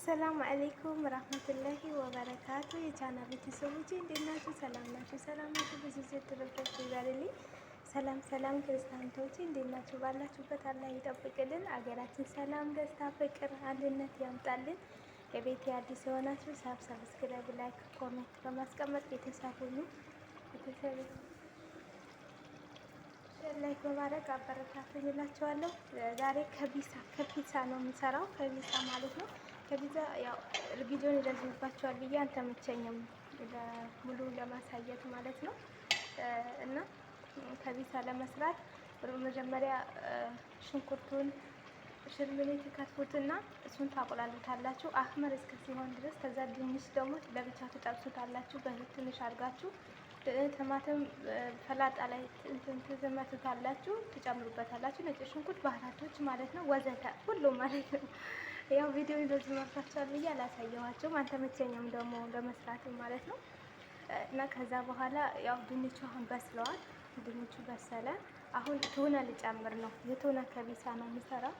አሰላሙ አለይኩም ረህመቱላሂ ወበረካቱ። የቻና ቤተሰቦች እንዴት ናችሁ? ሰላም ናችሁ? ሰላም ናችሁ? ብዙ ስትረቶች ይዛልልኝ። ሰላም ሰላም፣ ክርስቲያኖች እንዴት ናችሁ? ባላችሁበት አላህ ይጠብቅልን። አገራችን ሰላም፣ ደስታ፣ ፍቅር፣ አንድነት ያምጣልን። ለቤት አዲስ የሆናችሁ ሳብ ሰብስክራይብ፣ ላይክ፣ ኮሜንት በማስቀመጥ ቤተሰብ ሁኑ ቤተሰብ ላይ በማድረግ አበረታቱኝ እላችኋለሁ። ዛሬ ከቢሳ ከቢሳ ነው የምሰራው ከቢሳ ማለት ነው ከዚዛ ያው ቪዲዮን ይረዝምባቸዋል ብዬ አልተመቸኝም ሙሉ ለማሳየት ማለት ነው። እና ከቢሳ ለመስራት መጀመሪያ ሽንኩርቱን ሽርምኔ ትከትፉትና እሱን ታቆላሉታላችሁ አህመር እስከ ሲሆን ድረስ። ከዛ ድንች ደግሞ ለብቻ ትጠብሱታላችሁ በፊት ትንሽ አድርጋችሁ። ቲማቲም ፈላጣ ላይ ትዘመቱታላችሁ፣ ትጨምሩበታላችሁ። ነጭ ሽንኩርት ባህራቶች ማለት ነው ወዘተ ሁሉም ማለት ነው። ያው ቪዲዮ በዚህ መርሳቸዋል ብዬ አላሳየኋቸውም። አልተመቸኝም ደግሞ ለመስራትም ማለት ነው። እና ከዛ በኋላ ያው ድንቹ አሁን በስለዋል። ድንቹ በሰለ። አሁን ቱና ልጨምር ነው። የቱና ከቢሳ ነው የምሰራው።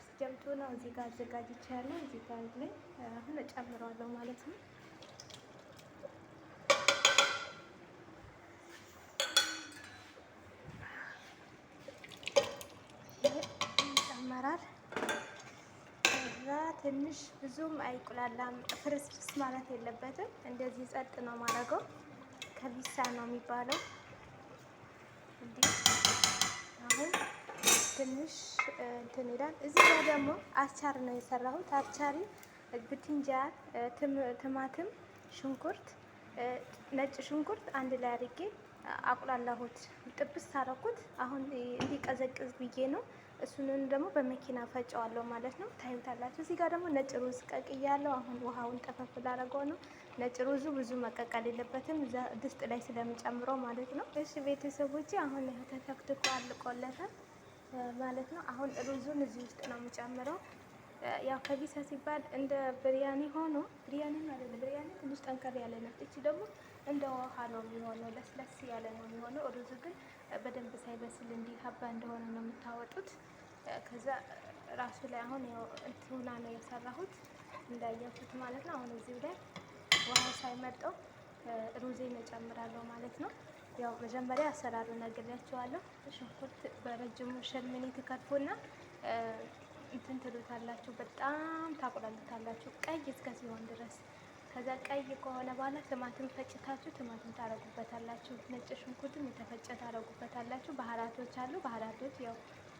ስጀም ቱናው እዚህ ጋር አዘጋጅቻለሁ። እዚህ ጋር ላይ አሁን እጨምረዋለሁ ማለት ነው። ትንሽ ብዙም አይቁላላም፣ ፍርስፍርስ ማለት የለበትም። እንደዚህ ጸጥ ነው ማድረገው። ከቢሳ ነው የሚባለው። እንዲህ አሁን ትንሽ እንትን ይላል። እዚህ ጋር ደግሞ አቻር ነው የሰራሁት። አቻሪ ብትንጃል፣ ትማትም ሽንኩርት፣ ነጭ ሽንኩርት አንድ ላይ አድርጌ አቁላላሁት፣ ጥብስ ታረኩት። አሁን እንዲቀዘቅዝ ብዬ ነው እሱንን ደግሞ በመኪና ፈጨዋለሁ ማለት ነው። ታዩታላችሁ። እዚህ ጋር ደግሞ ነጭ ሩዝ ቀቅያለሁ። አሁን ውሃውን ጠፈፍ ላደረገው ነው። ነጭ ሩዙ ብዙ መቀቀል የለበትም ድስት ላይ ስለምጨምረው ማለት ነው። እሺ ቤተሰቦቼ አሁን ተተክትኮ አልቆለታል ማለት ነው። አሁን ሩዙን እዚህ ውስጥ ነው የምጨምረው። ያው ከቢሳ ሲባል እንደ ብሪያኒ ሆኖ ብሪያኒ ማለት ብሪያኒ ትንሽ ጠንከር ያለ ነው። እቺ ደግሞ እንደ ውሃ ነው የሚሆነው፣ ለስለስ ያለ ነው የሚሆነው። ሩዙ ግን በደንብ ሳይበስል እንዲህ ሀባ እንደሆነ ነው የምታወጡት። ከዛ ራሱ ላይ አሁን ያው እንትና ነው የሰራሁት እንዳያችሁት ማለት ነው። አሁን እዚህ ላይ ውሃ ሳይመጣው ሩዜን እጨምራለሁ ማለት ነው። ያው መጀመሪያ አሰራሩ ነግሬያቸዋለሁ። ሽንኩርት በረጅሙ ሸምኔ ተከትፎና እንትን ትሉታላችሁ፣ በጣም ታቁላሉታላችሁ ቀይ እስከ ሲሆን ድረስ። ከዛ ቀይ ከሆነ በኋላ ቲማቲም ፈጭታችሁ ቲማቲም ታረጉበታላችሁ። ነጭ ሽንኩርትም የተፈጨ ታረጉበታላችሁ። ባህራቶች አሉ፣ ባህራቶች ያው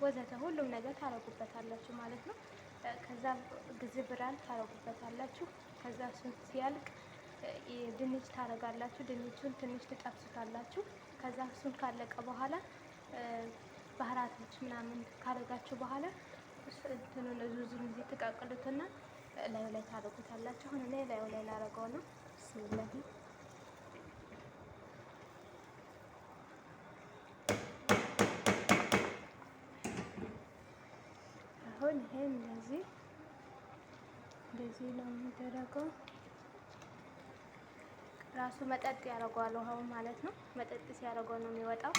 ወዘተ ሁሉም ነገር ታረጉበታላችሁ ማለት ነው። ከዛ ግዝ ብራን ታረጉበታላችሁ። ከዛ እሱን ሲያልቅ ድንች ታረጋላችሁ። ድንቹን ትንሽ ትጠብሱታላችሁ። ከዛ እሱን ካለቀ በኋላ ባህራቶች ምናምን ካረጋችሁ በኋላ እንትኑን ዙዙን እዚህ ተቃቅሉትና ላዩ ላይ ታደርጉታላችሁ። አሁን እኔ ላዩ ላይ ላደርገው ነው። ብስሚላሂ አሁን ይሄ እንደዚህ እንደዚህ ነው የሚደረገው። ራሱ መጠጥ ያደርገዋል ውሃው ማለት ነው። መጠጥ ሲያደርገው ነው የሚወጣው።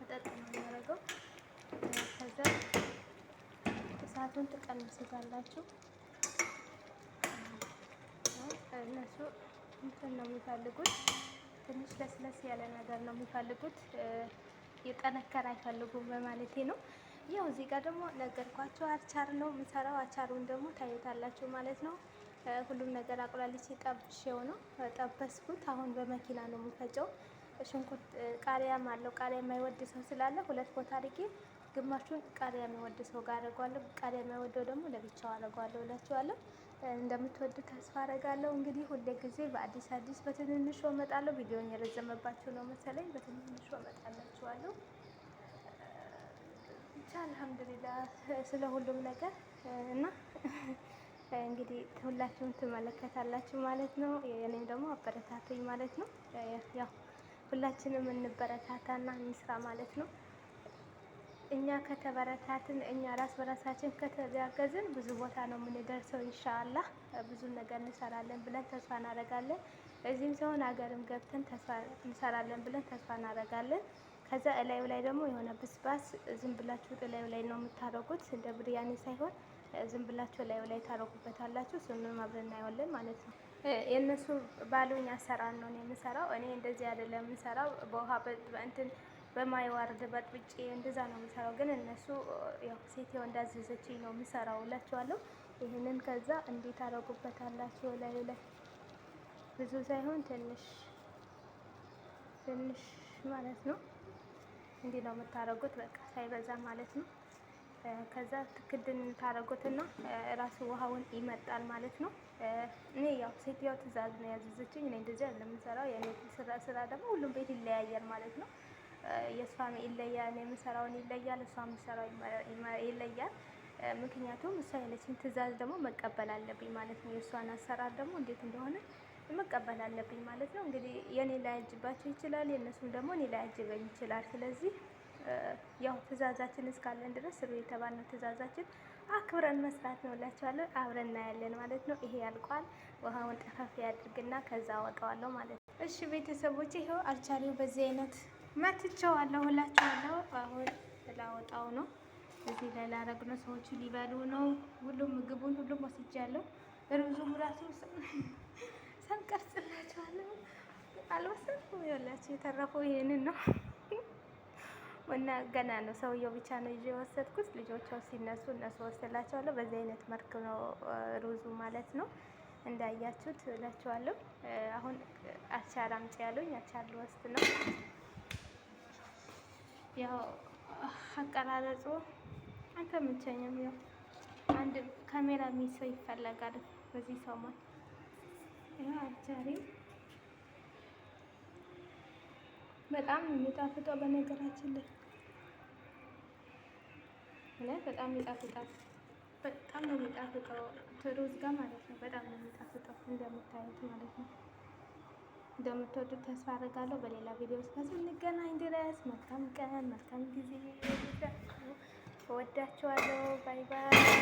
መጠጥ ነው የሚያደርገው እሳቱን ትቀንሱታላችሁ። እነሱ እንትን ነው የሚፈልጉት፣ ትንሽ ለስለስ ያለ ነገር ነው የሚፈልጉት፣ የጠነከረ አይፈልጉም በማለት ነው። ያው እዚህ ጋር ደግሞ ነገርኳችሁ አቻር ነው የምሰራው። አቻሩን ደግሞ ታዩታላችሁ ማለት ነው። ሁሉም ነገር አቁላልቼ ጠብሼው ነው ጠበስኩት። አሁን በመኪና ነው የምፈጨው። ሽንኩርት ቃሪያም አለው። ቃሪያ የማይወድ ሰው ስላለ ሁለት ቦታ አድርጌ ግማሹን ቃሪያ የሚወድ ሰው ጋር አደርጓለሁ። ቃሪያ የሚወደው ደግሞ ለብቻው አደርጓለሁ እላችኋለሁ። እንደምትወዱ ተስፋ አደርጋለሁ። እንግዲህ ሁሌ ጊዜ በአዲስ አዲስ በትንንሹ እመጣለሁ። ቪዲዮን የረዘመባችሁ ነው መሰለኝ። በትንንሹ እመጣላችኋለሁ። ብቻ አልሐምዱሊላ ስለ ሁሉም ነገር እና እንግዲህ ሁላችሁም ትመለከታላችሁ ማለት ነው። እኔም ደግሞ አበረታቱኝ ማለት ነው። ያው ሁላችንም እንበረታታና እንስራ ማለት ነው። እኛ ከተበረታትን፣ እኛ ራስ በራሳችን ከተጋገዝን ብዙ ቦታ ነው የምንደርሰው። ኢንሻአላህ ብዙ ነገር እንሰራለን ብለን ተስፋ እናደርጋለን። እዚህም ሲሆን ሀገርም ገብተን እንሰራለን ብለን ተስፋ እናደርጋለን። ከዛ እላዩ ላይ ደግሞ የሆነ ብስባስ ዝም ብላችሁ እላዩ ላይ ነው የምታደርጉት፣ እንደ ብርያኔ ሳይሆን ዝም ብላችሁ እላዩ ላይ ታደርጉበታላችሁ። እሱንም አብረን እናየዋለን ማለት ነው። የእነሱ ባሉኝ አሰራር ነው የምሰራው እኔ። እንደዚህ አይደለም የምሰራው በውሃ በእንትን በማይዋርድ በጥብጬ እንደዛ ነው የምሰራው። ግን እነሱ ያው ሴትዮ እንዳዘዘችኝ ነው የምሰራው እላቸዋለሁ። ይህንን ከዛ እንዴት አደረጉበታላችሁ? ላዩ ላይ ብዙ ሳይሆን ትንሽ ትንሽ ማለት ነው። እንዲህ ነው የምታረጉት፣ በቃ ሳይበዛ ማለት ነው። ከዛ ትክድን ታረጉትና ራሱ ውሃውን ይመጣል ማለት ነው። እኔ ያው ሴትዮዋ ትእዛዝ ነው ያዘዘችኝ። እኔ እንደዚህ አይደለም የምሰራው የኔ ስራ ደግሞ ሁሉም ቤት ይለያያል ማለት ነው። የእሷም ይለያል፣ የምሰራውን ይለያል፣ እሷ የምሰራው ይለያል። ምክንያቱም እሷ ያለችን ትዕዛዝ ደግሞ መቀበል አለብኝ ማለት ነው። የእሷን አሰራር ደግሞ እንዴት እንደሆነ መቀበል አለብኝ ማለት ነው። እንግዲህ የኔ ላያጅባቸው ይችላል፣ የእነሱም ደግሞ እኔ ላያጅበኝ ይችላል። ስለዚህ ያው ትዕዛዛችን እስካለን ድረስ ስሩ የተባልነው ትዕዛዛችን አክብረን መስራት ነው እላቸዋለሁ። አብረን እናያለን ማለት ነው። ይሄ ያልቋል። ውሃውን ጠፈፍ ያድርግና ከዛ አወጣዋለሁ ማለት ነው። እሺ ቤተሰቦች፣ ይኸው አልቻሪው በዚህ አይነት መትቼዋለሁ፣ ሁላችኋለሁ። አሁን ላወጣው ነው። እዚህ ላይ ላረግ ነው። ሰዎቹ ሊበሉ ነው። ሁሉም ምግቡን ሁሉም ወስጃለሁ። ርዙ ራሱ ሰንቀርጽላችኋለሁ። አልወሰድኩም። ይኸውላችሁ የተረፈው ይሄንን ነው እና ገና ነው። ሰውየው ብቻ ነው ይዤ የወሰድኩት። ልጆቿ ሲነሱ እነሱ ወስድላቸዋለሁ። በዚህ አይነት መልክ ነው ሩዙ ማለት ነው። እንዳያችሁት እላችኋለሁ። አሁን አቻር አምጪ ያሉኝ አቻር ልወስድ ነው። ያው አቀራረጹ አልተመቸኝም። ያው አንድ ካሜራ ሚሰው ይፈለጋል በዚህ ሰሞን። ይኸው አጃሪ በጣም የሚጣፍጠው በነገራችን ላይ እውነት በጣም የሚጣፍጣል። በጣም ነው የሚጣፍጠው ሩዝ ጋር ማለት ነው። በጣም ነው የሚጣፍጠው እንደምታዩት ማለት ነው። እንደምትወዱት ተስፋ አድርጋለሁ። በሌላ ቪዲዮ ውስጥ እስክንገናኝ ድረስ መልካም ቀን፣ መልካም ጊዜ። ወዳችኋለሁ። ባይ ባይ።